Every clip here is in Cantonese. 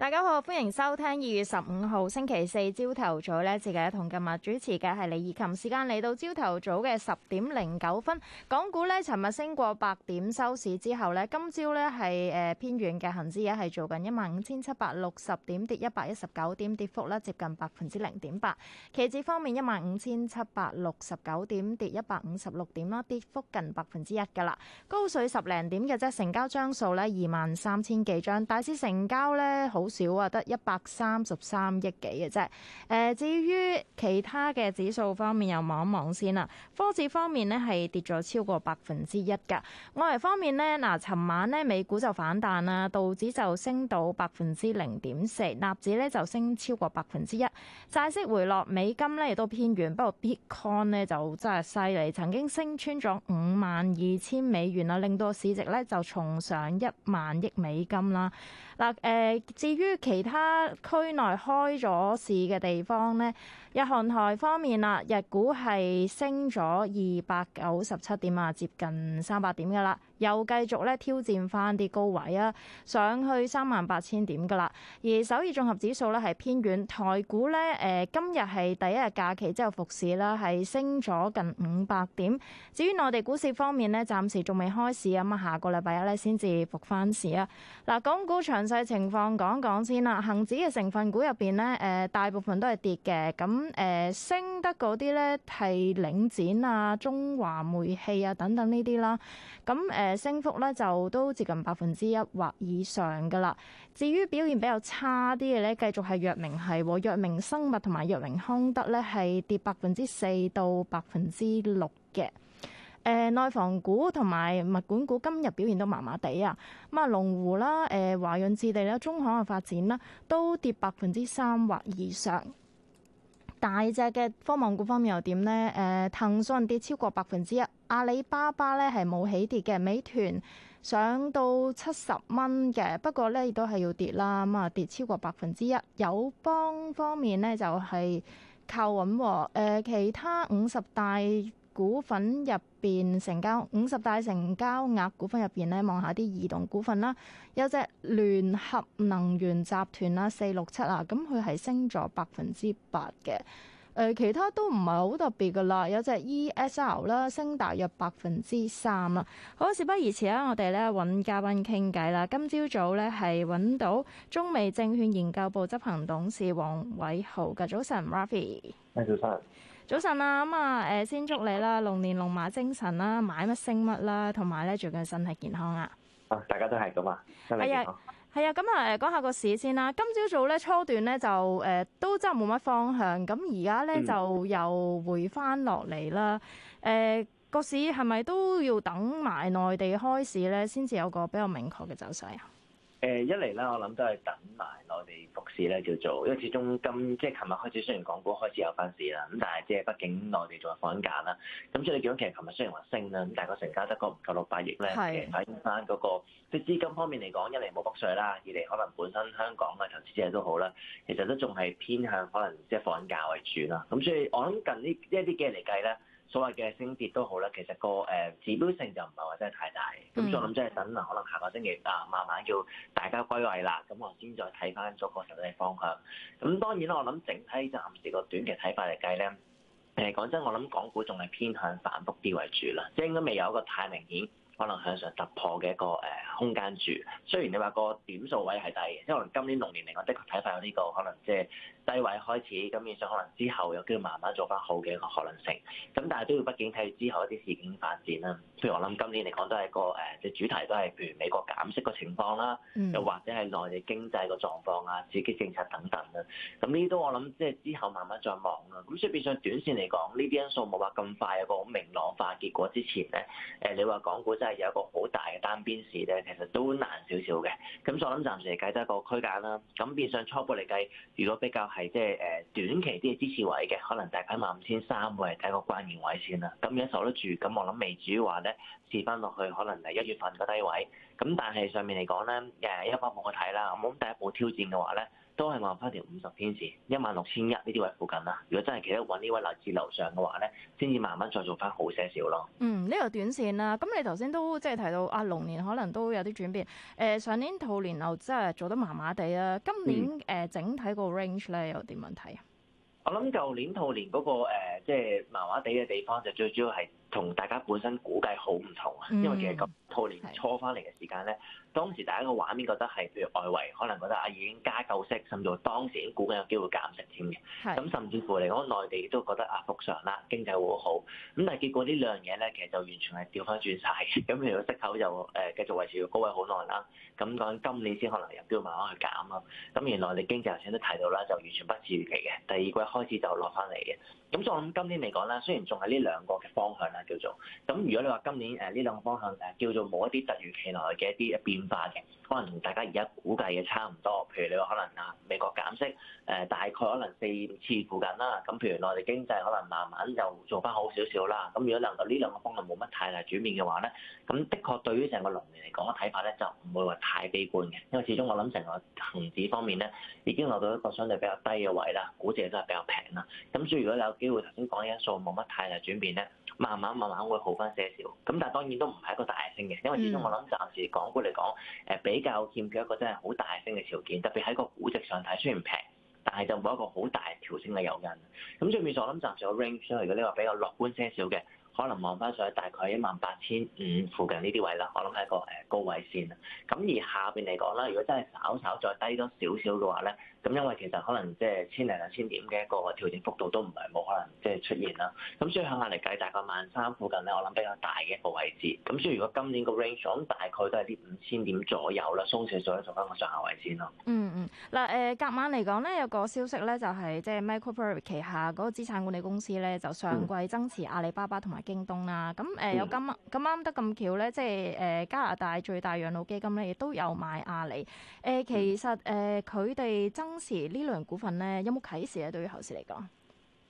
大家好，歡迎收聽二月十五號星期四朝頭早呢自己一同今日主持嘅係李以琴。時間嚟到朝頭早嘅十點零九分，港股呢，尋日升過百點收市之後呢今朝呢，係誒偏軟嘅，恒指嘅係做緊一萬五千七百六十點，跌一百一十九點，跌幅呢接近百分之零點八。期指方面，一萬五千七百六十九點，跌一百五十六點啦，跌幅近百分之一噶啦。高水十零點嘅啫，成交張數呢，二萬三千幾張，大市成交呢。好。少啊，得一百三十三億幾嘅啫。誒、呃，至於其他嘅指數方面，又望一望先啦。科指方面呢，係跌咗超過百分之一噶。外圍方面呢，嗱，尋晚呢，美股就反彈啦，道指就升到百分之零點四，納指呢就升超過百分之一。債息回落，美金呢亦都偏軟，不過 Bitcoin 呢就真係犀利，曾經升穿咗五萬二千美元啦，令到市值呢就重上一萬億美金啦。嗱、呃，誒，資於其他區內開咗市嘅地方呢，日韓台方面啦，日股係升咗二百九十七點啊，接近三百點㗎喇，又繼續呢挑戰返啲高位啊，上去三萬八千點㗎喇。而首爾綜合指數呢係偏遠，台股呢，誒今日係第一日假期之後復市啦，係升咗近五百點。至於內地股市方面呢，暫時仲未開市咁啊，下個禮拜一呢，先至復返市啊。嗱，港股詳細情況講講。講先啦，恒指嘅成分股入邊呢，誒、呃，大部分都係跌嘅。咁、呃、誒，升得嗰啲呢，係領展啊、中華煤氣啊等等呢啲啦。咁、呃、誒，升幅呢，就都接近百分之一或以上噶啦。至於表現比較差啲嘅呢，繼續係藥明系和藥明生物同埋藥明康德呢，係跌百分之四到百分之六嘅。誒內房股同埋物管股今日表現都麻麻地啊！咁啊，龍湖啦、誒華潤置地啦、中海嘅發展啦，都跌百分之三或以上。大隻嘅科網股方面又點呢？誒騰訊跌超過百分之一，阿里巴巴咧係冇起跌嘅，美團上到七十蚊嘅，不過咧亦都係要跌啦。咁啊，跌超過百分之一。友邦方面呢，就係靠穩喎。誒其他五十大，股份入邊，成交五十大成交額股份入邊咧，望下啲移動股份啦，有隻聯合能源集團啦，四六七啊，咁佢係升咗百分之八嘅。誒、呃，其他都唔係好特別噶啦，有隻 ESL 啦，升達約百分之三啦。好，事不宜遲啦，我哋咧揾嘉賓傾偈啦。今朝早咧係揾到中美證券研究部執行董事黃偉豪嘅。早晨，Rafi。早晨啊，咁啊，誒，先祝你啦，龍年龍馬精神啦，買乜升乜啦，同埋咧，最近身體健康啊！啊，大家都係咁啊，係啊，係啊，咁啊，誒，講下個市先啦。今朝早咧初段咧就誒、呃，都真係冇乜方向，咁而家咧就又回翻落嚟啦。誒、呃，個市係咪都要等埋內地開市咧，先至有個比較明確嘅走勢啊？誒，一嚟咧，我諗都係等埋內地復市咧，叫做，因為始終今即係琴日開始，雖然港股開始有翻市啦，咁但係即係畢竟內地仲係放緊假啦。咁所以你見到其實琴日雖然話升啦，咁但係個成交得個唔夠六百億咧，是反映翻、那、嗰個即係資金方面嚟講，一嚟冇北水啦，二嚟可能本身香港嘅投資者都好啦，其實都仲係偏向可能即係放緊假為主啦。咁所以我諗近呢一啲嘅嚟計咧。所謂嘅升跌都好啦，其實個誒指標性就唔係話真係太大，咁所以我諗真係等可能下個星期啊，慢慢叫大家歸位啦，咁我先再睇翻咗個實際方向。咁當然啦，我諗整體暫時個短期睇法嚟計咧，誒、呃、講真，我諗港股仲係偏向反覆啲為主啦，即係應該未有一個太明顯可能向上突破嘅一個誒、呃、空間住。雖然你話個點數位係低，即可能今年龍年嚟講，的確睇法有呢、這個可能即係。低位開始，咁變相可能之後有機會慢慢做翻好嘅一個可能性。咁但係都要畢竟睇住之後一啲事件發展啦。譬如我諗今年嚟講都係個誒，即主題都係譬如美國減息個情況啦，嗯、又或者係內地經濟個狀況啊、刺激政策等等啦。咁呢啲都我諗即係之後慢慢再望啦。咁所以變相短線嚟講，呢啲因素冇話咁快有個好明朗化結果之前咧，誒你話港股真係有一個好大嘅單邊市咧，其實都難少少嘅。咁我諗暫時嚟計得一個區間啦。咁變相初步嚟計，如果比較係。係即係誒短期啲嘅支持位嘅，可能大概萬五千三會係第一個關鍵位先啦。咁一守得住，咁我諗未至於話咧試翻落去，可能係一月份個低位。咁但係上面嚟講咧，誒一百五我睇啦。咁第一步挑戰嘅話咧。都係望翻條五十天線，一萬六千一呢啲位附近啦。如果真係企得穩呢位嚟自樓上嘅話咧，先至慢慢再做翻好些少咯。嗯，呢、呢個短線啦、啊。咁你頭先都即係提到啊，龍年可能都有啲轉變。誒、呃、上年兔年又真係做得麻麻地啦。今年誒、嗯呃、整體個 range 咧又點樣睇？我諗舊年兔年嗰、嗰個即係麻麻地嘅地方，就最主要係同大家本身估計好唔同啊。嗯、因為其實咁兔年初翻嚟嘅時間咧。當時大家個畫面覺得係，譬如外圍可能覺得啊已經加夠息，甚至乎當時已經估緊有機會減息添嘅。咁是甚至乎嚟講內地都覺得啊復常啦，經濟會好。好。咁但係結果呢兩樣嘢咧，其實就完全係調翻轉晒。咁譬如個息口又誒繼續維持喺高位好耐啦。咁講今年先可能有機會慢慢去減啦。咁原來你經濟頭先都提到啦，就完全不似預期嘅。第二季開始就落翻嚟嘅。咁所以我諗今年嚟講啦，雖然仲係呢兩個嘅方向啦，叫做咁。如果你話今年誒呢兩個方向誒叫做冇一啲突如其來嘅一啲變化嘅可能大家而家估計嘅差唔多，譬如你話可能啊美國減息，誒大概可能四次附近啦。咁譬如內地經濟可能慢慢又做翻好少少啦。咁如果能夠呢兩個方向冇乜太大轉變嘅話咧，咁的確對於成個龍年嚟講嘅睇法咧就唔會話太悲觀嘅，因為始終我諗成個恆指方面咧已經落到一個相對比較低嘅位啦，估值都係比較平啦。咁所以如果有機會頭先講嘅因素冇乜太大轉變咧，慢慢慢慢會好翻些少。咁但係當然都唔係一個大升嘅，因為始終我諗暫時港股嚟講。誒比較欠缺一個真係好大升嘅條件，特別喺個估值上睇，雖然平，但係就冇一個好大調升嘅誘因。咁上面所諗暫時個 range，所以如果呢個比較樂觀些少嘅，可能望翻上去大概一萬八千五附近呢啲位啦。我諗係一個誒高位線啦。咁而下邊嚟講啦，如果真係稍稍再低多少少嘅話咧。咁因為其實可能即係千零兩千點嘅一個調整幅度都唔係冇可能即係出現啦。咁所以向壓力計大概萬三附近咧，我諗比較大嘅一個位置。咁所以如果今年個 range 咁大概都係啲五千點左右啦，收窄咗就啲，翻個上下位先咯，嗯。嗯嗯，嗱誒，隔晚嚟講咧，有個消息咧就係、是、即係 Michael Burry 旗下嗰個資產管理公司咧，就上季增持阿里巴巴同埋京東啦。咁誒、嗯嗯、有今咁啱得咁巧咧，即係誒加拿大最大養老基金咧，亦都有買阿里。誒其實誒佢哋增當時呢類股份咧有冇啟示咧？對於後市嚟講，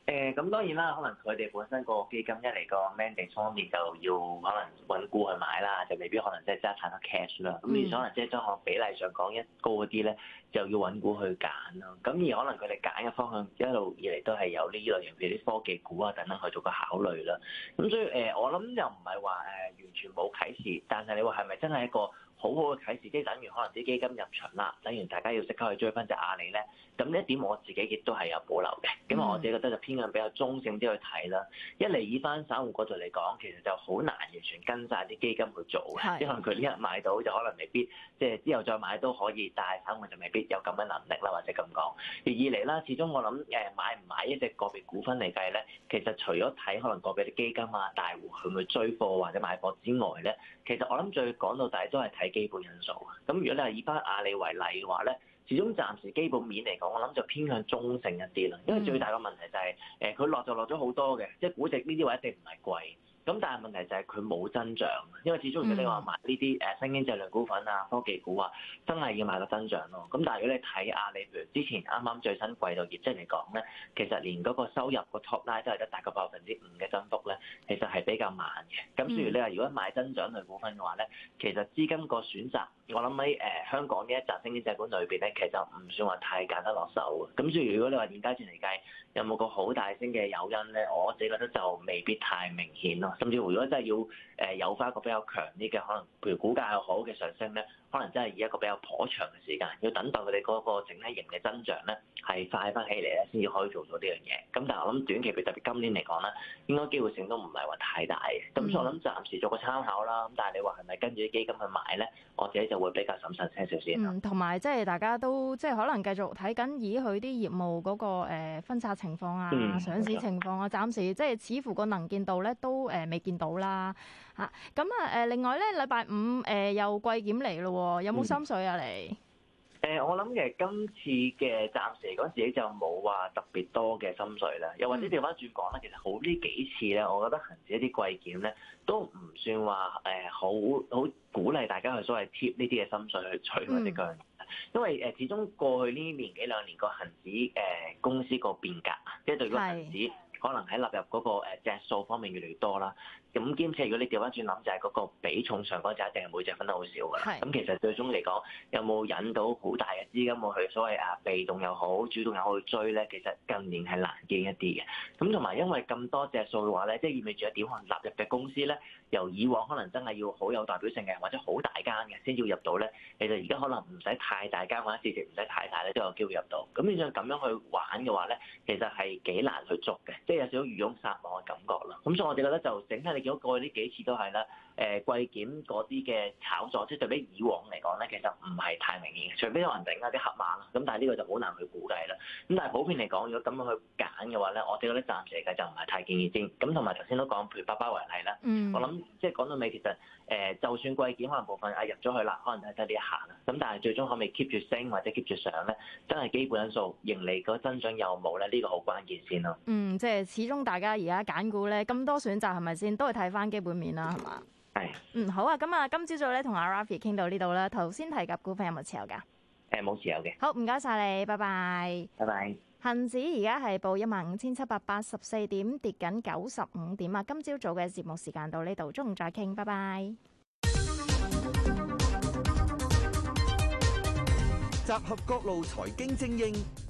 誒咁當然啦，可能佢哋本身個基金一嚟個 mandate 方面就要可能揾股去買啦，就未必可能即係真係攢得 cash 啦。咁而可能即係將個比例上講一高啲咧，就要揾股去揀咯。咁而可能佢哋揀嘅方向一路以嚟都係有呢類型，譬如啲科技股啊等等去做個考慮啦。咁所以誒、呃，我諗又唔係話誒完全冇啟示，但係你話係咪真係一個？好好嘅啟示，即，等於可能啲基金入場啦，等於大家要即刻去追翻隻阿里咧。咁呢一點我自己亦都係有保留嘅，因為我自己覺得就偏向比較中性啲去睇啦。嗯、一嚟以翻散戶嗰度嚟講，其實就好難完全跟晒啲基金去做嘅，的因為佢一日買到就可能未必即係、就是、之後再買都可以，但係散戶就未必有咁嘅能力啦，或者咁講。而二嚟啦，始終我諗誒買唔買一隻個,個別股份嚟計咧，其實除咗睇可能個別啲基金啊大戶去唔去追貨或者買貨之外咧，其實我諗最講到大都係睇。基本因素啊，咁如果你係以返阿里為例嘅話咧，始終暫時基本面嚟講，我諗就偏向中性一啲啦，因為最大嘅問題就係、是，誒佢落就落咗好多嘅，即係估值呢啲位一定唔係貴。咁但係問題就係佢冇增長，因為始終如果你話買呢啲誒升經質量股份啊、科技股啊，真係要買到增長咯。咁但係如果你睇下你譬如之前啱啱最新季度業績嚟講咧，其實連嗰個收入個 top 拉都係得大概百分之五嘅增幅咧，其實係比較慢嘅。咁所以你話如果買增長類股份嘅話咧，其實資金個選擇，我諗喺誒香港呢一集升經資管裏邊咧，其實唔算話太揀得落手。咁所以如果你話點解算嚟計有冇個好大升嘅誘因咧，我自己覺得就未必太明顯咯。甚至乎，如果真係要，誒有翻一個比較強啲嘅可能，譬如股價又好嘅上升咧，可能真係以一個比較頗長嘅時間要等待佢哋嗰個整體型嘅增長咧係快翻起嚟咧，先至可以做到呢樣嘢。咁但係我諗短期佢特別今年嚟講咧，應該機會性都唔係話太大嘅。咁所以我諗暫時做個參考啦。咁但係你話係咪跟住啲基金去買咧，我自己就會比較審慎少少。同埋即係大家都即係、就是、可能繼續睇緊以佢啲業務嗰個分拆情況啊、嗯、上市情況啊，的暫時即係、就是、似乎個能見度咧都誒未見到啦。咁啊，誒，另外咧，禮拜五誒、呃、又季檢嚟咯，有冇心水啊？你、嗯？誒、嗯，我諗其實今次嘅暫時嚟講自己就冇話特別多嘅心水啦。又或者調翻轉講啦，其實好呢幾次咧，我覺得恆指一啲季檢咧都唔算話誒好好鼓勵大家去所謂貼呢啲嘅心水去取啲槓。嗯、因為誒始終過去呢年幾兩年個恆指誒公司個變革，即係、嗯、對個恆指是可能喺納入嗰個誒隻數方面越嚟越多啦。咁兼且如果你調翻轉諗，就係、是、嗰個比重上嗰隻，一定係每隻分得好少嘅。咁是其實最終嚟講，有冇引到好大嘅資金冇去所謂啊，被動又好，主動又好去追咧，其實近年係難見一啲嘅。咁同埋因為咁多隻數嘅話咧，即係意味住一點可能納入嘅公司咧，由以往可能真係要好有代表性嘅，或者好大間嘅先要入到咧，其實而家可能唔使太大間或者市值唔使太大咧，都有機會入到。咁你想咁樣去玩嘅話咧，其實係幾難去捉嘅，即係有少少漁翁撒網嘅感覺咯。咁所以我哋覺得就整係有過去呢幾次都係啦。誒貴檢嗰啲嘅炒作，即係對比以往嚟講咧，其實唔係太明顯，除非有人頂啊啲黑馬啦，咁但係呢個就好難去估計啦。咁但係普遍嚟講，如果咁樣去揀嘅話咧，我哋覺得暫時嚟講就唔係太建議先。咁同埋頭先都講，譬如巴巴為例啦，嗯、我諗即係講到尾，其實誒、呃、就算貴檢可能部分啊入咗去啦，可能睇得呢一下啦，咁但係最終可唔可以 keep 住升或者 keep 住上咧，真係基本因素盈利個增長有冇咧？呢、呢個好關鍵先咯。嗯，即係始終大家而家揀股咧咁多選擇係咪先，都係睇翻基本面啦，係嘛？係，嗯，好啊，咁啊今朝早咧同阿 Raffy 傾到呢度啦。頭先提及股份有冇持有噶？誒，冇持有嘅。好，唔該晒你，拜拜。拜拜。恒指而家係報一萬五千七百八十四點，跌緊九十五點啊！今朝早嘅節目時間到呢度，中午再傾，拜拜。集合各路財經精英。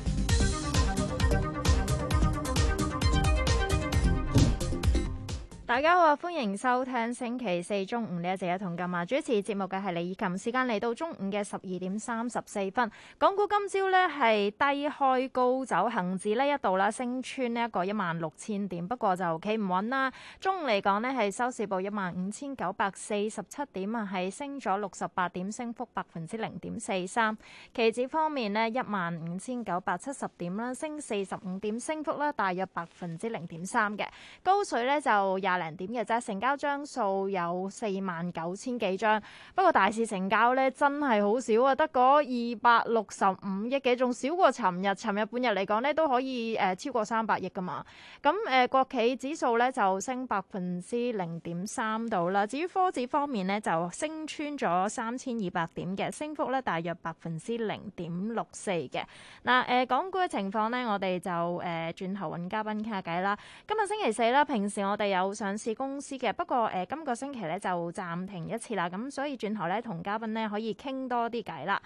大家好，歡迎收聽星期四中午呢一節嘅《同金》，主持節目嘅係李錦。時間嚟到中午嘅十二點三十四分，港股今朝呢係低開高走，恒指呢一度啦升穿呢一個一萬六千點，不過就企唔穩啦。中午嚟講呢係收市報一萬五千九百四十七點啊，係升咗六十八點，升幅百分之零點四三。期指方面呢，一萬五千九百七十點啦，升四十五點，升幅咧大約百分之零點三嘅。高水呢就廿。零點嘅啫，成交張數有四萬九千幾張，不過大市成交咧真係好少啊，得嗰二百六十五億嘅，仲少過尋日。尋日半日嚟講咧，都可以誒、呃、超過三百億㗎嘛。咁誒、呃、國企指數咧就升百分之零點三度啦。至於科指方面咧就升穿咗三千二百點嘅，升幅咧大約百分之零點六四嘅。嗱誒，港股嘅情況咧，我哋就誒、呃、轉頭揾嘉賓傾下偈啦。今日星期四啦，平時我哋有上上市公司嘅，不過誒，今個星期咧就暫停一次啦，咁所以轉頭咧同嘉賓咧可以傾多啲偈啦。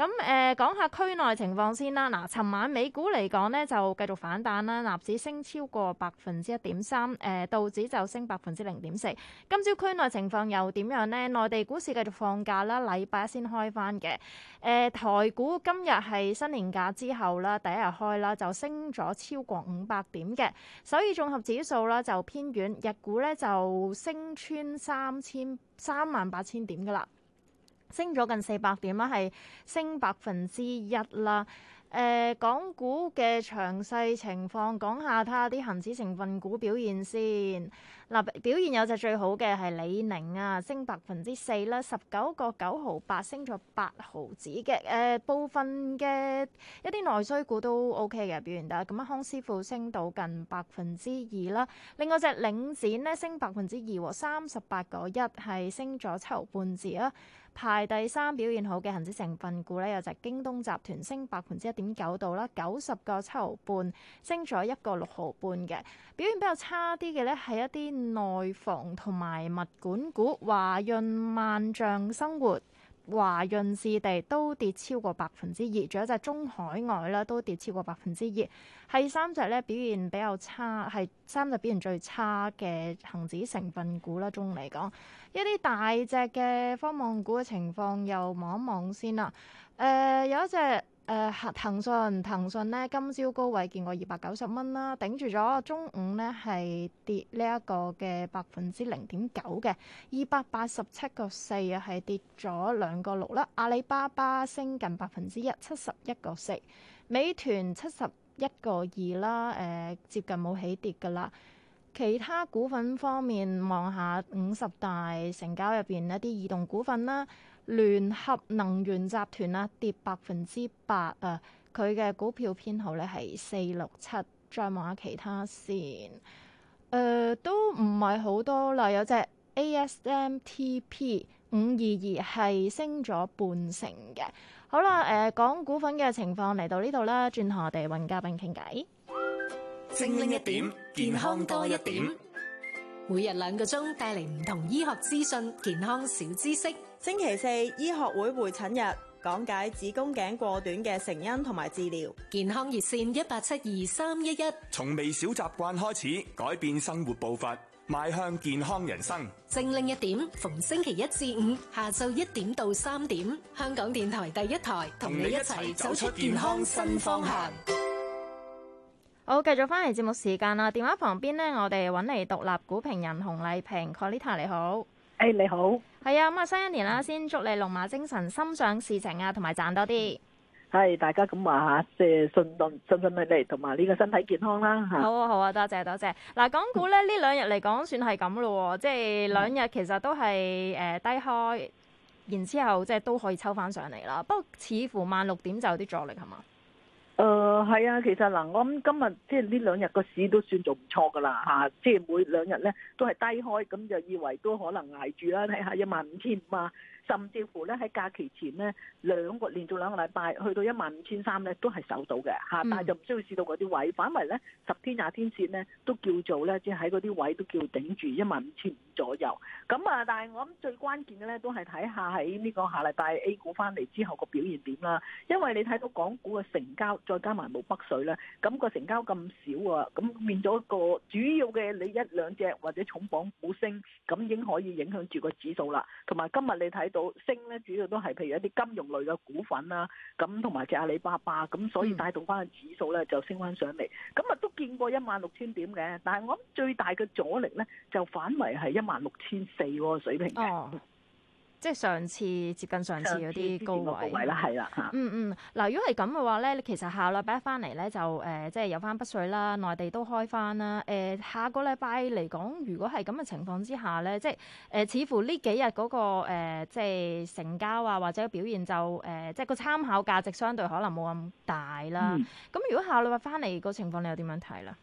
咁誒、嗯、講下區內情況先啦。嗱，尋晚美股嚟講咧就繼續反彈啦，納指升超過百分之一點三，誒、呃、道指就升百分之零點四。今朝區內情況又點樣呢？內地股市繼續放假啦，禮拜一先開翻嘅。誒、呃、台股今日係新年假之後啦，第一日開啦，就升咗超過五百點嘅。首爾綜合指數啦就偏軟，日股咧就升穿三千三萬八千點噶啦。升咗近四百點啦，係升百分之一啦。誒，港股嘅詳細情況講下，睇下啲恆指成分股表現先嗱。表現有隻最好嘅係李寧啊，升百分之四啦，十九個九毫八，升咗八毫子嘅。誒，部分嘅一啲內需股都 O K 嘅表現得。咁啊，康師傅升到近百分之二啦，另外隻領展咧升百分之二喎，三十八個一，係升咗七毫半字啦。排第三表現好嘅恒指成分股咧，有隻京東集團升百分之一點九度啦，九十個七毫半，升咗一個六毫半嘅表現。比較差啲嘅咧，係一啲內房同埋物管股，華潤萬象生活。華潤置地都跌超過百分之二，仲有一隻中海外啦，都跌超過百分之二，係三隻咧表現比較差，係三隻表現最差嘅恒指成分股啦，中嚟講，一啲大隻嘅科網股嘅情況又望一望先啦。誒、呃，有一隻。誒、uh, 騰訊騰訊咧今朝高位見過二百九十蚊啦，頂住咗。中午咧係跌呢一個嘅百分之零點九嘅二百八十七個四，又係跌咗兩個六啦。阿里巴巴升近百分之一，七十一個四。美團七十一個二啦，誒、呃、接近冇起跌㗎啦。其他股份方面，望下五十大成交入邊一啲異動股份啦。聯合能源集團啦，跌百分之八啊！佢、呃、嘅股票編號咧係四六七。再望下其他先，誒、呃、都唔係好多啦。有隻 A S M T P 五二二係升咗半成嘅。好啦，誒、呃、講股份嘅情況嚟到呢度啦，轉頭我哋揾嘉賓傾偈。精靈一點，健康多一點，每日兩個鐘帶嚟唔同醫學資訊、健康小知識。星期四醫學會會診日，講解子宮頸過短嘅成因同埋治療。健康熱線一八七二三一一，從微小習慣開始，改變生活步伐，邁向健康人生。正令一點，逢星期一至五下晝一點到三點，香港電台第一台同你一齊走出健康新方向。好，繼續翻嚟節目時間啦。電話旁邊呢，我哋揾嚟獨立股評人熊麗萍，Collita，你好。誒，hey, 你好，係啊，咁啊，新一年啦，先祝你龍馬精神，心想事成啊，同埋賺多啲。係，大家咁話吓，即係順順順利利，同埋呢個身體健康啦吓。好啊，好啊，好啊，多謝多謝。嗱，港股咧，呢兩日嚟講，算係咁咯，即係兩日其實都係誒、呃、低開，然之後即係都可以抽翻上嚟啦。不過似乎萬六點就有啲阻力係嘛。誒係、呃、啊，其實嗱，我諗今日即係呢兩日個市都算做唔錯噶啦吓，即係每兩日咧都係低開，咁就以為都可能捱住啦，睇下一萬五千五啊。甚至乎咧喺假期前咧兩個連續兩個禮拜去到一萬五千三咧都係守到嘅嚇，但係就唔需要試到嗰啲位，反為咧十天廿天線咧都叫做咧即係喺嗰啲位都叫頂住一萬五千五左右。咁啊，但係我諗最關鍵嘅咧都係睇下喺呢個下禮拜 A 股翻嚟之後個表現點啦。因為你睇到港股嘅成交再加埋冇北水咧，咁個成交咁少啊，咁變咗個主要嘅你一兩隻或者重磅股升，咁已經可以影響住個指數啦。同埋今日你睇到，升咧，主要都係譬如一啲金融類嘅股份啦，咁同埋隻阿里巴巴，咁所以帶動翻個指數咧就升翻上嚟，咁啊都見過一萬六千點嘅，但係我諗最大嘅阻力咧就反為係一萬六千四個水平嘅。哦即係上次接近上次嗰啲高位啦，係啦嚇。嗯嗯，嗱，如果係咁嘅話咧，你其實下禮拜翻嚟咧就誒、呃，即係有翻不稅啦，內地都開翻啦。誒、呃，下個禮拜嚟講，如果係咁嘅情況之下咧，即係誒、呃，似乎呢幾日嗰、那個、呃、即係成交啊，或者表現就誒、呃，即係個參考價值相對可能冇咁大啦。咁、嗯、如果下禮拜翻嚟個情況，你又點樣睇啦？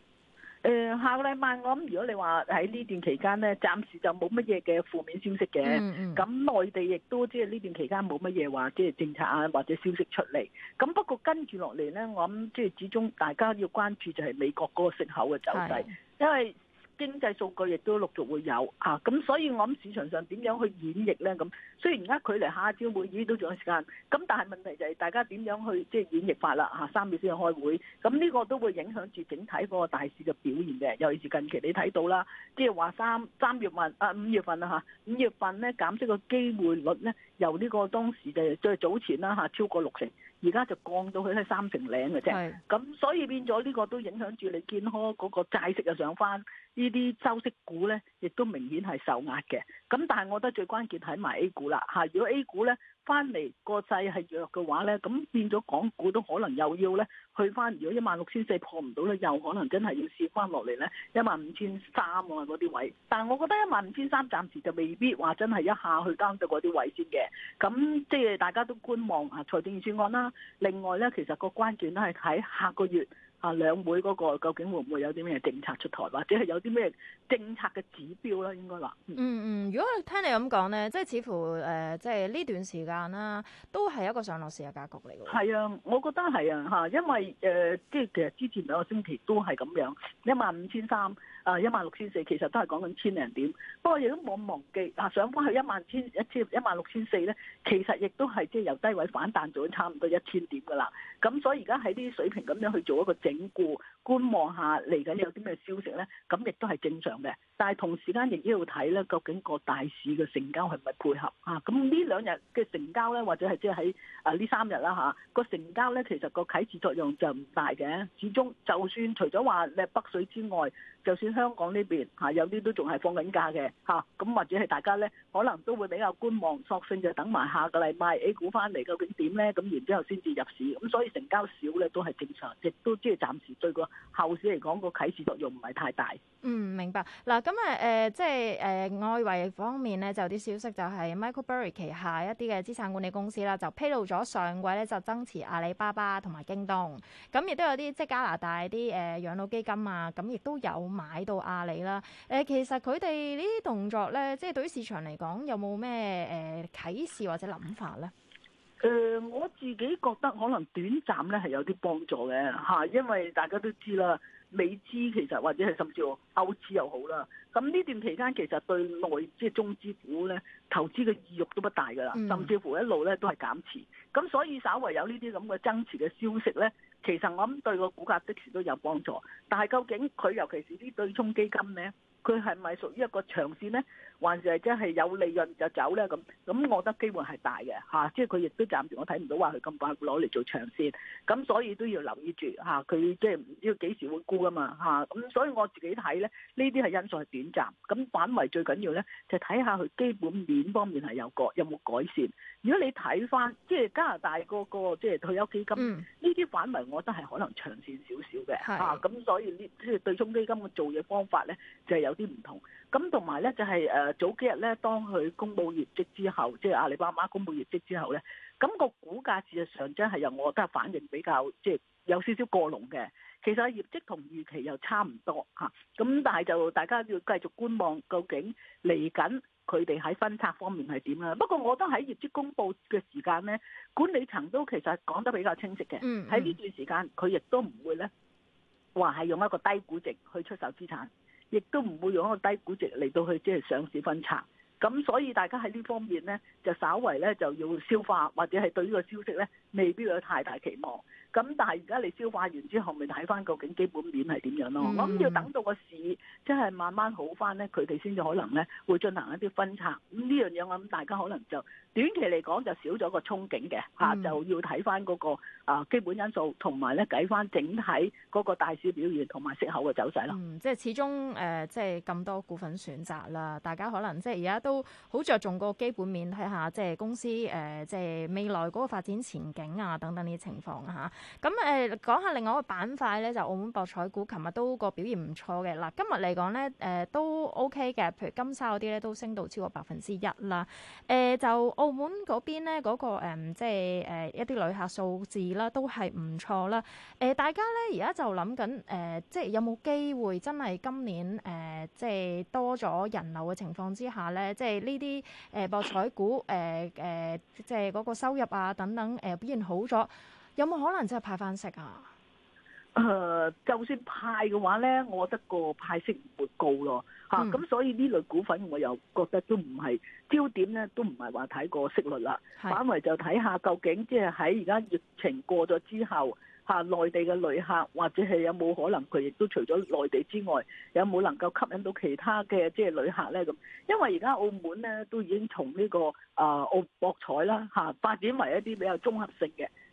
誒下個禮拜我諗，如果你話喺呢段期間咧，暫時就冇乜嘢嘅負面消息嘅、嗯。嗯嗯。咁內地亦都即係呢段期間冇乜嘢話，即係政策啊或者消息出嚟。咁不過跟住落嚟咧，我諗即係始終大家要關注就係美國嗰個息口嘅走勢，的因為。經濟數據亦都陸續會有啊，咁所以我諗市場上點樣去演繹咧？咁雖然而家距離下一招會議都仲有時間，咁但係問題就係大家點樣去即係、就係、演繹法啦？嚇、啊，三月先去開會，咁呢個都會影響住整體嗰個大市嘅表現嘅。尤其是近期你睇到啦，即係話三三月份啊五月份啦嚇，五、啊、月份咧減息嘅機會率咧。由呢個當時嘅最早前啦嚇、啊，超過六成，而家就降到去咧三成零嘅啫。咁是所以變咗呢個都影響住你健康嗰、那個債息又上翻，呢啲收息股咧亦都明顯係受壓嘅。咁但係我覺得最關鍵喺埋 A 股啦嚇、啊，如果 A 股咧，翻嚟個勢係弱嘅話呢，咁變咗港股都可能又要呢去翻。如果一萬六千四破唔到呢，又可能真係要試翻落嚟呢一萬五千三啊嗰啲位。但係我覺得一萬五千三暫時就未必話真係一下去交到嗰啲位先嘅。咁即係大家都觀望啊，財政預算案啦。另外呢，其實個關鍵都係喺下個月。啊，兩會嗰個究竟會唔會有啲咩政策出台，或者係有啲咩政策嘅指標咧？應該話，嗯嗯，如果聽你咁講咧，即係似乎誒、呃，即係呢段時間啦，都係一個上落市嘅格局嚟嘅。係啊，我覺得係啊，嚇，因為誒，即、呃、係其實之前兩個星期都係咁樣，一萬五千三啊，一萬六千四，其實都係講緊千零點。不過亦都冇忘記啊，上翻去一萬千一千一萬六千四咧，其實亦都係即係由低位反彈咗差唔多一千點㗎啦。咁所以而家喺啲水平咁樣去做一個。整固觀望下，嚟緊有啲咩消息呢？咁亦都係正常嘅，但係同時間亦都要睇呢，究竟個大市嘅成交係咪配合啊？咁呢兩日嘅成交呢，或者係即係喺呢三日啦嚇，個、啊、成交呢，其實個啟示作用就唔大嘅，始終就算除咗話你係北水之外。就算香港呢邊嚇、啊、有啲都仲係放緊假嘅嚇，咁、啊、或者係大家咧可能都會比較觀望，索性就等埋下，下個禮拜估翻嚟究竟點咧，咁、啊、然之後先至入市。咁、啊、所以成交少咧都係正常，亦都即係暫時對個後市嚟講個啟示作用唔係太大。嗯，明白。嗱，咁啊，誒，即係誒、呃，外圍方面咧，就有啲消息就係 Michael Burry 旗下一啲嘅資產管理公司啦，就披露咗上季咧就增持阿里巴巴同埋京東。咁亦都有啲即係加拿大啲誒養老基金啊，咁亦都有買到阿里啦。誒、呃，其實佢哋呢啲動作咧，即係對於市場嚟講，有冇咩誒啟示或者諗法咧？誒、呃，我自己覺得可能短暫咧係有啲幫助嘅嚇，因為大家都知啦。美資其實或者係甚至乎歐資又好啦，咁呢段期間其實對內即係中資股咧投資嘅意欲都不大㗎啦，甚至乎一路咧都係減持，咁所以稍為有呢啲咁嘅增持嘅消息咧，其實我諗對個股價即時都有幫助，但係究竟佢尤其是啲對沖基金咧？佢係咪屬於一個長線呢？還是係即係有利潤就走呢？咁，咁我覺得機會係大嘅吓、啊，即係佢亦都暫時我睇唔到話佢咁快攞嚟做長線，咁所以都要留意住吓佢即係唔知幾時會沽㗎嘛吓咁，所以我自己睇呢，呢啲係因素係短暫，咁反為最緊要呢，就睇、是、下佢基本面方面係有改有冇改善。如果你睇翻即係加拿大嗰、嗰個即係退休基金呢啲、嗯、反為，我覺得係可能長線少少嘅吓，咁的、啊、所以呢即係對沖基金嘅做嘢方法呢。就係、是。有啲唔同咁，同埋呢，就係、是、誒、呃、早幾日呢，當佢公佈業績之後，即係阿里巴巴公佈業績之後呢，咁、那個股價事實上真係由我覺得反應比較即係有少少過龍嘅。其實業績同預期又差唔多吓，咁、啊、但係就大家要繼續觀望，究竟嚟緊佢哋喺分拆方面係點啦。不過我覺得喺業績公佈嘅時間呢，管理層都其實講得比較清晰嘅。喺呢段時間，佢亦都唔會呢話係用一個低估值去出售資產。亦都唔會用一個低估值嚟到去即係上市分拆，咁所以大家喺呢方面呢，就稍為呢就要消化，或者係對呢個消息呢未必有太大期望。咁但係而家你消化完之後，咪睇翻究竟基本面係點樣咯？嗯、我諗要等到個市真係慢慢好翻咧，佢哋先至可能咧會進行一啲分拆。咁呢樣樣我諗，大家可能就短期嚟講就少咗個憧憬嘅嚇、嗯啊，就要睇翻嗰個啊、呃、基本因素，同埋咧計翻整體嗰個大市表現同埋息口嘅走勢咯。嗯，即係始終誒、呃，即係咁多股份選擇啦，大家可能即係而家都好着重個基本面，睇下即係公司誒、呃，即係未來嗰個發展前景啊等等呢啲情況嚇。啊。咁誒講下另外一個板塊咧，就澳門博彩股，琴日都個表現唔錯嘅嗱。今日嚟講咧，誒、欸、都 OK 嘅，譬如金沙啲咧都升到超過百分之一啦。誒、欸、就澳門嗰邊咧嗰個即係誒一啲旅客數字啦，都係唔錯啦。誒、呃、大家咧而家就諗緊誒，即係有冇機會真係今年誒，即係多咗人流嘅情況之下咧，即係呢啲誒博彩股誒誒，即係嗰個收入啊等等誒，表現好咗。有冇可能真係派翻息啊？誒、呃，就算派嘅話咧，我覺得個派息會高咯嚇。咁、嗯、所以呢類股份，我又覺得都唔係焦點咧，都唔係話睇過息率啦，是反為就睇下究竟即係喺而家疫情過咗之後，嚇內地嘅旅客或者係有冇可能佢亦都除咗內地之外，有冇能夠吸引到其他嘅即係旅客咧？咁因為而家澳門咧都已經從呢、這個誒、呃、澳博彩啦嚇發展為一啲比較綜合性嘅。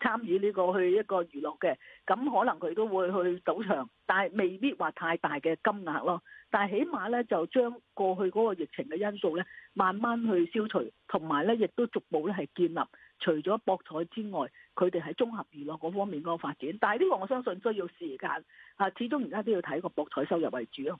參與呢個去一個娛樂嘅，咁可能佢都會去賭場，但係未必話太大嘅金額咯。但係起碼呢，就將過去嗰個疫情嘅因素呢，慢慢去消除，同埋呢亦都逐步呢係建立除咗博彩之外，佢哋喺綜合娛樂嗰方面嗰個發展。但係呢個我相信需要時間嚇，始終而家都要睇個博彩收入為主咯。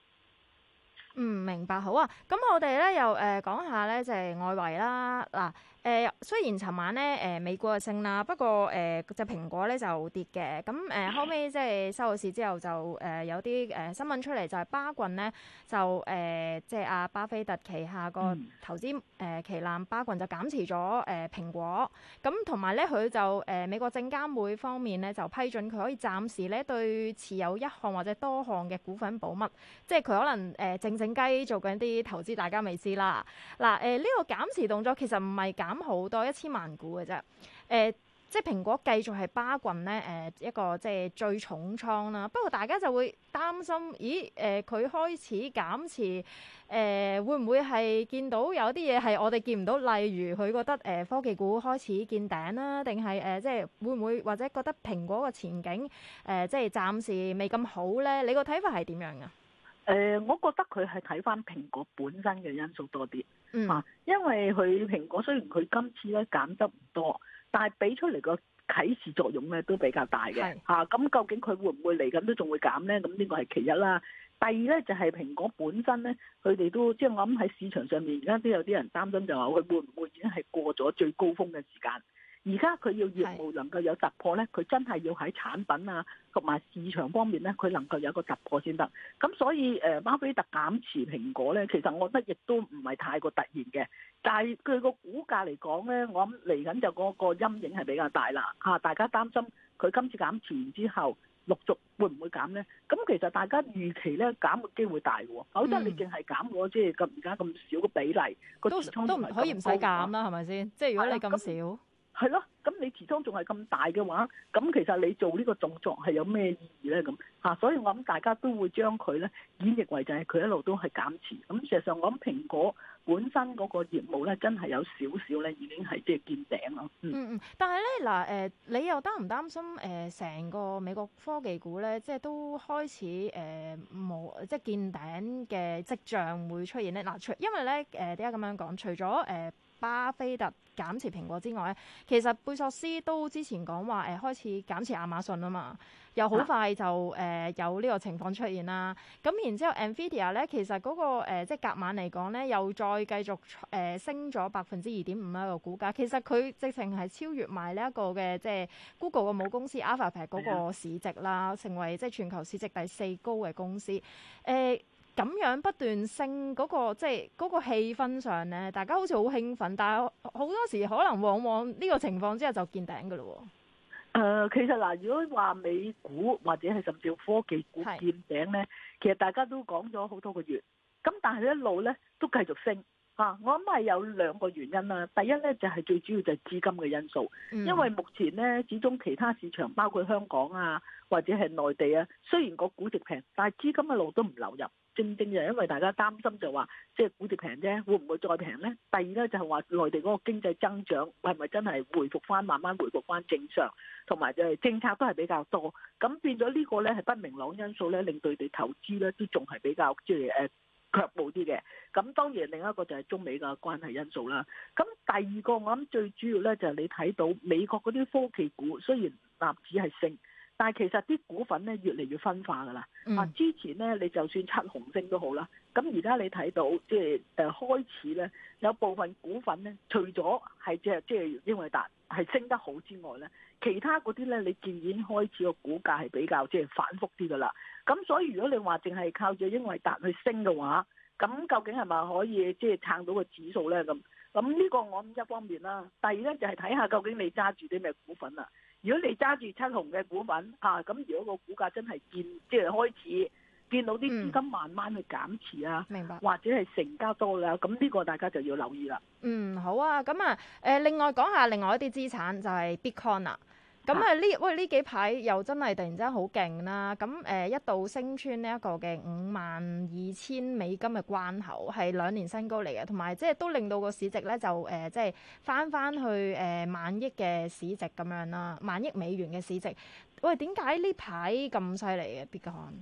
嗯，明白，好啊。咁我哋呢又誒、呃、講下呢，就係、是、外圍啦嗱。誒、呃、雖然尋晚咧，誒、呃、美國就升啦，不過誒隻、呃、蘋果咧就跌嘅。咁、呃、誒後尾即係收到市之後就誒、呃、有啲誒新聞出嚟，就係巴郡，咧就誒即係阿巴菲特旗下個投資誒旗艦巴郡就減持咗誒、呃、蘋果。咁同埋咧佢就誒、呃、美國證監會方面咧就批准佢可以暫時咧對持有一項或者多項嘅股份保密，即係佢可能誒、呃、靜靜雞做緊啲投資，大家未知啦。嗱誒呢個減持動作其實唔係減。咁好多一千萬股嘅啫，誒、呃，即係蘋果繼續係巴郡咧，誒、呃，一個即係最重倉啦。不過大家就會擔心，咦，誒、呃，佢開始減持，誒、呃，會唔會係見到有啲嘢係我哋見唔到，例如佢覺得誒、呃、科技股開始見頂啦，定係誒即係會唔會或者覺得蘋果個前景誒、呃、即係暫時未咁好咧？你個睇法係點樣噶？誒、呃，我覺得佢係睇翻蘋果本身嘅因素多啲，吓、嗯啊，因為佢蘋果雖然佢今次咧減得唔多，但係俾出嚟個啟示作用咧都比較大嘅，吓是，咁、啊、究竟佢會唔會嚟緊都仲會減咧？咁呢個係其一啦，第二咧就係、是、蘋果本身咧，佢哋都即係、就是、我諗喺市場上面而家都有啲人擔心，就話佢會唔會已經係過咗最高峰嘅時間。而家佢要業務能夠有突破咧，佢真係要喺產品啊同埋市場方面咧，佢能夠有個突破先得。咁所以誒，巴菲特減持蘋果咧，其實我覺得亦都唔係太過突然嘅。但係佢個股價嚟講咧，我諗嚟緊就嗰個陰影係比較大啦嚇。大家擔心佢今次減持完之後，陸續會唔會減咧？咁其實大家預期咧減嘅機會大喎，否則你淨係減咗即係咁而家咁少個比例，都都可以唔使減啦，係咪先？即係如果你咁少。係咯，咁你持倉仲係咁大嘅話，咁其實你做呢個動作係有咩意義咧？咁、啊、嚇，所以我諗大家都會將佢咧演繹為就係佢一路都係減持。咁事實上，我諗蘋果本身嗰個業務咧，真係有少少咧已經係即係見頂咯。嗯嗯，但係咧嗱誒，你又擔唔擔心誒成、呃、個美國科技股咧，即係都開始誒冇、呃、即係見頂嘅跡象會出現咧？嗱、呃呃，除因為咧誒點解咁樣講？除咗誒，巴菲特減持蘋果之外咧，其實貝索斯都之前講話誒開始減持亞馬遜啊嘛，又好快就誒、啊呃、有呢個情況出現啦。咁然之後 NVIDIA 咧，其實嗰、那個、呃、即係隔晚嚟講咧，又再繼續誒、呃、升咗百分之二點五一個股價。其實佢直情係超越埋呢一個嘅即係 Google 嘅母公司 Alphabet 嗰個市值啦，的成為即係全球市值第四高嘅公司誒。呃咁樣不斷升嗰、那個，即係嗰個氣氛上呢，大家好似好興奮，但係好多時可能往往呢個情況之下就見頂嘅咯。誒、呃，其實嗱，如果話美股或者係甚至科技股見頂呢，是其實大家都講咗好多個月，咁但係一路呢都繼續升嚇、啊。我諗係有兩個原因啦。第一呢，就係、是、最主要就係資金嘅因素，嗯、因為目前呢，始終其他市場包括香港啊或者係內地啊，雖然個估值平，但係資金一路都唔流入。正正就因為大家擔心就話，即係估值平啫，會唔會再平咧？第二咧就係、是、話內地嗰個經濟增長係咪真係回復翻，慢慢回復翻正常，同埋誒政策都係比較多，咁變咗呢個咧係不明朗因素咧，令佢哋投資咧都仲係比較即係誒卻步啲嘅。咁當然另一個就係中美嘅關係因素啦。咁第二個我諗最主要咧就係、是、你睇到美國嗰啲科技股雖然納指係升。但係其實啲股份咧越嚟越分化㗎啦，啊、嗯、之前咧你就算七紅星都好啦，咁而家你睇到即係誒開始咧有部分股份咧，除咗係即係即係英偉達係升得好之外咧，其他嗰啲咧你漸漸開始個股價係比較即係、就是、反覆啲㗎啦。咁所以如果你話淨係靠住英偉達去升嘅話，咁究竟係咪可以即係撐到個指數咧？咁咁呢個我一方面啦、啊，第二咧就係、是、睇下究竟你揸住啲咩股份啦、啊。如果你揸住七紅嘅股份，嚇、啊、咁如果個股價真係見，即、就、係、是、開始見到啲資金慢慢去減持啊，嗯、或者係成交多啦，咁呢個大家就要留意啦。嗯，好啊，咁啊，誒，另外講下另外一啲資產就係、是、Bitcoin 啦。咁啊，呢喂呢幾排又真係突然間好勁啦！咁誒、呃、一度升穿呢一個嘅五萬二千美金嘅關口，係兩年新高嚟嘅，同埋即係都令到個市值咧就誒即係翻翻去誒、呃、萬億嘅市值咁樣啦，萬億美元嘅市值。喂，點解呢排咁犀利嘅 Bitcoin？、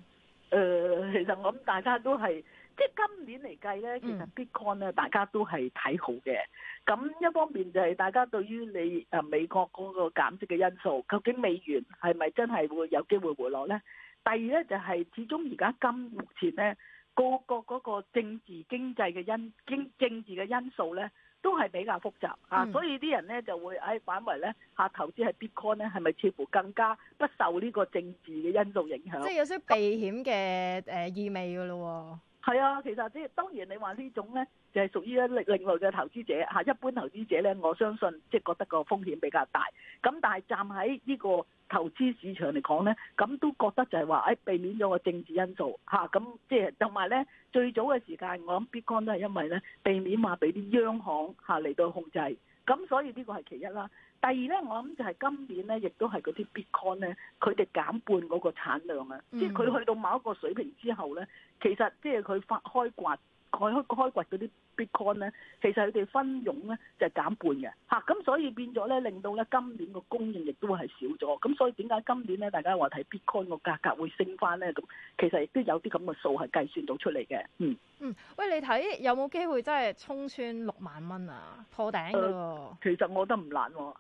呃、其實我諗大家都係即係今年嚟計咧，其實 Bitcoin 咧大家都係睇好嘅。嗯咁一方面就係大家對於你啊美國嗰個減息嘅因素，究竟美元係咪真係會有機會回落咧？第二咧就係始終而家今目前咧個個嗰個政治經濟嘅因經政治嘅因素咧，都係比較複雜啊，嗯、所以啲人咧就會誒反為咧嚇投資係 Bitcoin 咧係咪似乎更加不受呢個政治嘅因素影響？即係有少少避險嘅誒意味㗎咯喎。係啊，其實即係當然你，你話呢種咧就係屬於咧另另外嘅投資者吓，一般投資者咧，我相信即係、就是、覺得個風險比較大。咁但係站喺呢個投資市場嚟講咧，咁都覺得就係話誒避免咗個政治因素吓，咁即係同埋咧最早嘅時間，我諗必 i 都係因為咧避免話俾啲央行吓嚟到控制，咁所以呢個係其一啦。第二咧，我諗就係今年咧，亦都係嗰啲 Bitcoin 咧，佢哋減半嗰個產量啊，嗯、即係佢去到某一個水平之後咧，其實即係佢發開掘。改開開掘嗰啲 Bitcoin 咧，其實佢哋分傭咧就係減半嘅，嚇咁所以變咗咧，令到咧今年個供應亦都係少咗，咁所以點解今年咧大家話睇 Bitcoin 個價格會升翻咧？咁其實亦都有啲咁嘅數係計算到出嚟嘅，嗯嗯，喂，你睇有冇機會真係衝穿六萬蚊啊？破頂，呃？其實我覺得唔難喎，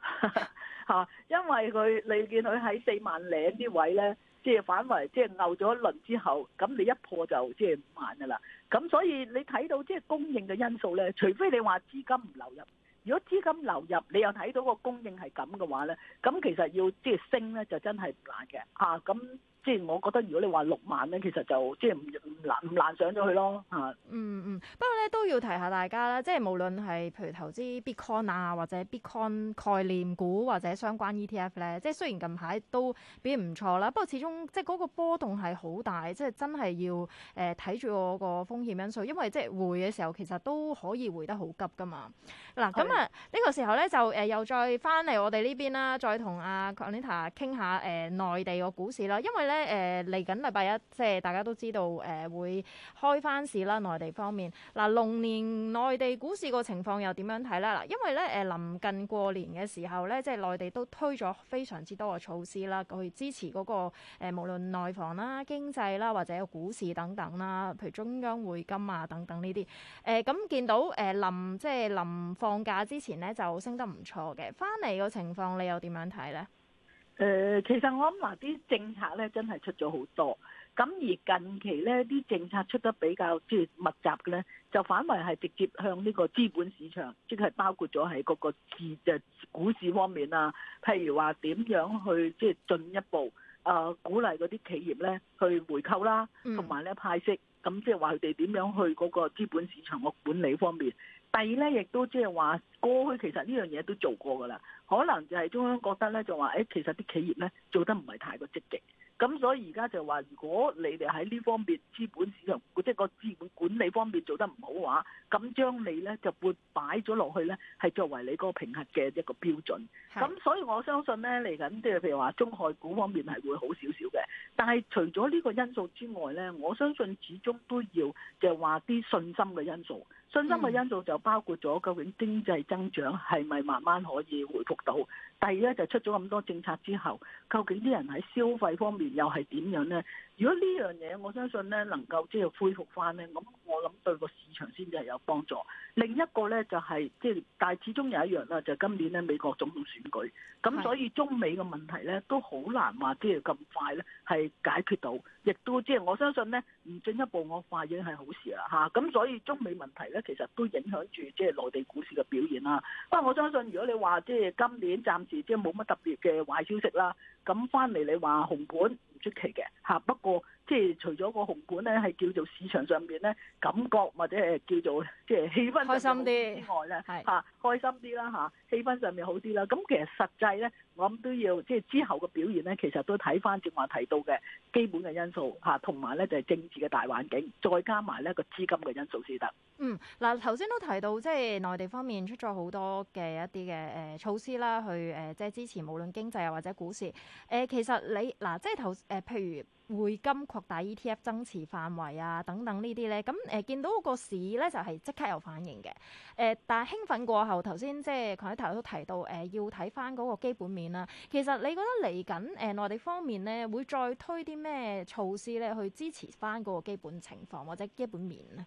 因為佢你見佢喺四萬零啲位咧。即係返回，即係拗咗一輪之後，咁你一破就即係唔難噶啦。咁所以你睇到即係供應嘅因素咧，除非你話資金唔流入。如果資金流入，你又睇到個供應係咁嘅話咧，咁其實要即係升咧，就真係唔難嘅嚇咁。啊。即係我覺得，如果你話六萬咧，其實就即係唔唔難唔難上咗去咯嚇。嗯嗯，不過咧都要提下大家啦，即係無論係譬如投資 Bitcoin 啊，或者 Bitcoin 概念股或者相關 ETF 咧，即係雖然近排都表現唔錯啦，不過始終即係嗰個波動係好大，即係真係要誒睇住個個風險因素，因為即係回嘅時候其實都可以回得好急噶嘛。嗱咁啊，呢、啊、是的 個時候咧就誒、呃、又再翻嚟我哋呢邊啦，再同阿、啊、Kanita 傾下誒、呃、內地個股市啦，因為咧誒嚟緊禮拜一，即係大家都知道誒、呃、會開翻市啦。內地方面，嗱、呃、龍年內地股市個情況又點樣睇咧？嗱，因為咧誒臨近過年嘅時候咧，即係內地都推咗非常之多嘅措施啦，去支持嗰個誒、呃、無論內房啦、經濟啦或者股市等等啦，譬如中央匯金啊等等呢啲誒。咁、呃呃、見到誒臨、呃、即係臨放假之前咧就升得唔錯嘅，翻嚟個情況你又點樣睇咧？誒、呃，其實我諗話啲政策咧，真係出咗好多。咁而近期咧，啲政策出得比較即係、就是、密集嘅咧，就反為係直接向呢個資本市場，即係包括咗喺嗰個市誒股市方面啊。譬如話點樣去即係、就是、進一步誒、呃、鼓勵嗰啲企業咧去回購啦，同埋咧派息。咁即係話佢哋點樣去嗰個資本市場嘅管理方面。第二咧，亦都即係話過去其實呢樣嘢都做過㗎啦，可能就係中央覺得咧就話，誒，其實啲企業咧做得唔係太過積極。咁所以而家就話，如果你哋喺呢方面資本市場即係個資本管理方面做得唔好嘅話，咁將你咧就撥擺咗落去咧，係作為你嗰個評核嘅一個標準。咁的所以我相信咧，嚟緊即係譬如話中概股方面係會好少少嘅。但係除咗呢個因素之外咧，我相信始終都要就係話啲信心嘅因素。信心嘅因素就包括咗究竟經濟增長，係咪慢慢可以回復到？第二咧就出咗咁多政策之後，究竟啲人喺消費方面又係點樣咧？如果呢樣嘢，我相信呢能夠即係恢復翻呢。咁我諗對個市場先至係有幫助。另一個呢，就係即係，但係始終有一樣啦，就今年呢美國總統選舉咁，所以中美嘅問題呢都好難話即係咁快呢係解決到，亦都即係我相信呢，唔進一步，我發現係好事啦吓，咁所以中美問題呢，其實都影響住即係內地股市嘅表現啦。不過我相信，如果你話即係今年暫時即係冇乜特別嘅壞消息啦，咁翻嚟你話紅盤唔出奇嘅。吓、啊，不過即係除咗個紅盤咧，係叫做市場上面咧感覺或者係叫做即係氣氛開心啲，之外咧，係吓開心啲啦吓，氣、啊、氛上面好啲啦。咁、啊、其實實際咧，我諗都要即係之後嘅表現咧，其實都睇翻正話提到嘅基本嘅因素吓，同埋咧就係、是、政治嘅大環境，再加埋咧個資金嘅因素先得。嗯，嗱頭先都提到即係、就是、內地方面出咗好多嘅一啲嘅誒措施啦，去誒、呃、即係支持無論經濟或者股市。誒、呃，其實你嗱、啊、即係頭誒，譬如。匯金擴大 ETF 增持範圍啊，等等呢啲咧，咁誒、呃、見到個市咧就係、是、即刻有反應嘅。誒、呃，但係興奮過後，頭先即係佢喺頭都提到誒、呃，要睇翻嗰個基本面啦。其實你覺得嚟緊誒內地方面咧，會再推啲咩措施咧，去支持翻嗰個基本情況或者基本面呢？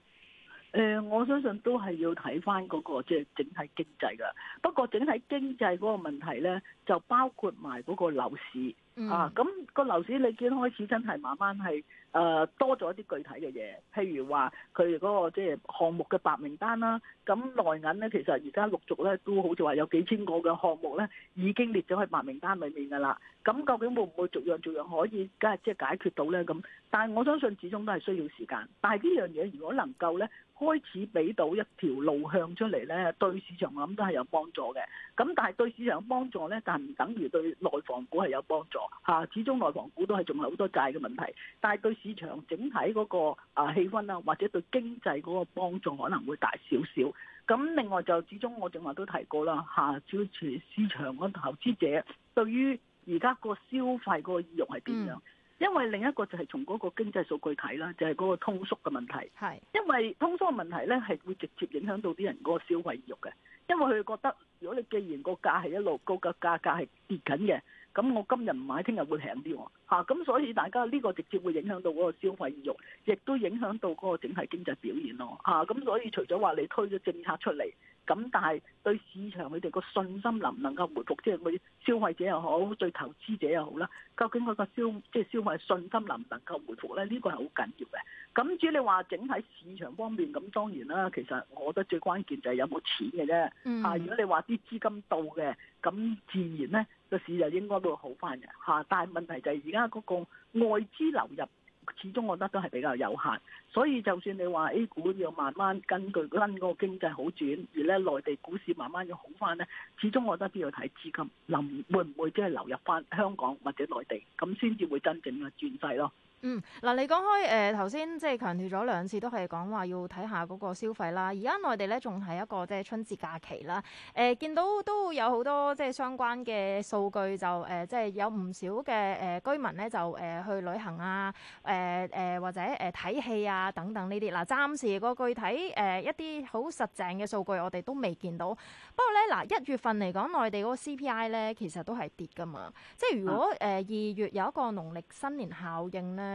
誒、呃，我相信都係要睇翻嗰個即係整體經濟㗎。不過整體經濟嗰個問題咧，就包括埋嗰個樓市。Mm hmm. 啊，咁、那個樓市你見開始真係慢慢係誒、呃、多咗一啲具體嘅嘢，譬如話佢嗰個即係、就是、項目嘅白名單啦，咁內銀咧其實而家陸續咧都好似話有幾千個嘅項目咧已經列咗喺白名單裏面㗎啦，咁究竟會唔會逐樣逐樣可以今日即係解決到咧？咁但係我相信始終都係需要時間，但係呢樣嘢如果能夠咧，開始俾到一條路向出嚟呢，對市場我諗都係有幫助嘅。咁但係對市場有幫助呢，但係唔等於對內房股係有幫助嚇。始終內房股都係仲係好多債嘅問題。但係對市場整體嗰個啊氣氛啊，或者對經濟嗰個幫助可能會大少少。咁另外就始終我正話都提過啦嚇，主要市場嗰投資者對於而家個消費個意欲係點樣？嗯因為另一個就係從嗰個經濟數據睇啦，就係嗰個通縮嘅問題。係，因為通縮嘅問題呢，係會直接影響到啲人嗰個消費慾嘅。因為佢覺得，如果你既然個價係一路高，個價格係跌緊嘅，咁我今日唔買，聽日會平啲喎。吓，咁所以大家呢個直接會影響到嗰個消費慾，亦都影響到嗰個整體經濟表現咯。吓，咁所以除咗話你推咗政策出嚟。咁但係對市場佢哋個信心能唔能夠回復，即係佢消費者又好，對投資者又好啦。究竟佢個消即係消費信心能唔能夠回復咧？呢個係好緊要嘅。咁至於你話整體市場方面，咁當然啦。其實我覺得最關鍵就係有冇錢嘅啫。嗯。如果你話啲資金到嘅，咁自然咧個市就應該會好翻嘅。嚇！但係問題就係而家嗰個外資流入。始終我覺得都係比較有限，所以就算你話 A 股要慢慢跟佢跟嗰個經濟好轉，而咧內地股市慢慢要好翻咧，始終我覺得都要睇資金能會唔會即係流入翻香港或者內地，咁先至會真正嘅轉勢咯。嗯，嗱，你講開誒頭先，即係強調咗兩次，都係講話要睇下嗰個消費啦。而家內地咧，仲係一個即係春節假期啦。誒，見到都有好多即係相關嘅數據，就誒即係有唔少嘅誒居民咧，就誒去旅行啊，誒誒或者誒睇戲啊等等呢啲。嗱，暫時個具體誒一啲好實淨嘅數據，我哋都未見到。不過咧，嗱一月份嚟講，內地嗰個 CPI 咧，其實都係跌㗎嘛。即係如果誒二月有一個農曆新年效應咧。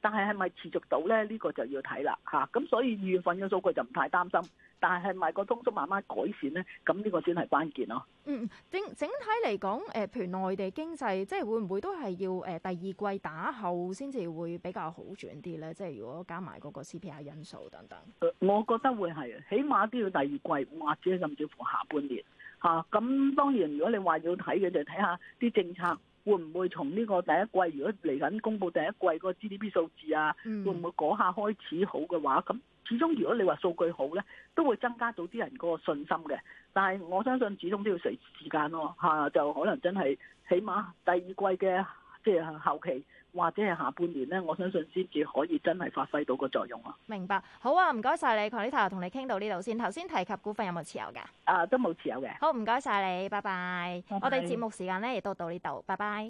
但係係咪持續到咧？呢、這個就要睇啦嚇。咁、啊、所以二月份嘅數據就唔太擔心。但係係咪個通縮慢慢改善咧？咁呢個先係關鍵咯、啊。嗯，整整體嚟講，誒譬如內地經濟，即係會唔會都係要誒、呃、第二季打後先至會比較好轉啲咧？即係如果加埋嗰個 CPI 因素等等，呃、我覺得會係，起碼都要第二季或者甚至乎下半年嚇。咁、啊、當然，如果你話要睇嘅就睇下啲政策。會唔會從呢個第一季？如果嚟緊公布第一季個 GDP 數字啊，嗯、會唔會嗰下開始好嘅話？咁始終如果你話數據好呢，都會增加到啲人個信心嘅。但係我相信始終都要隨時間咯嚇，就可能真係起碼第二季嘅即係後期。或者係下半年咧，我相信先至可以真係發揮到個作用啊。明白，好啊，唔該晒你，鄺李太同你傾到呢度先。頭先提及股份有冇持有㗎？啊，都冇持有嘅。好，唔該晒你，拜拜。拜拜，我哋節目時間咧亦都到呢度，拜拜。